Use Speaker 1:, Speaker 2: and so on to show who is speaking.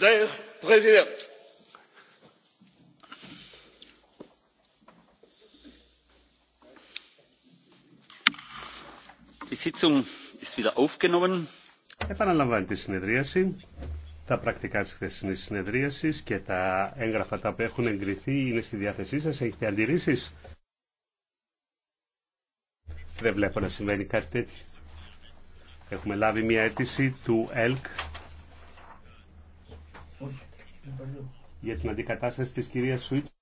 Speaker 1: der präsident!
Speaker 2: επαναλαμβάνει τη συνεδρίαση. Τα πρακτικά της χθεσινής συνεδρίασης και τα έγγραφα τα οποία έχουν εγκριθεί είναι στη διάθεσή σας. Έχετε αντιρρήσεις. Δεν βλέπω να συμβαίνει κάτι τέτοιο. Έχουμε λάβει μια αίτηση του ΕΛΚ για την αντικατάσταση της κυρίας
Speaker 3: Σουίτσα.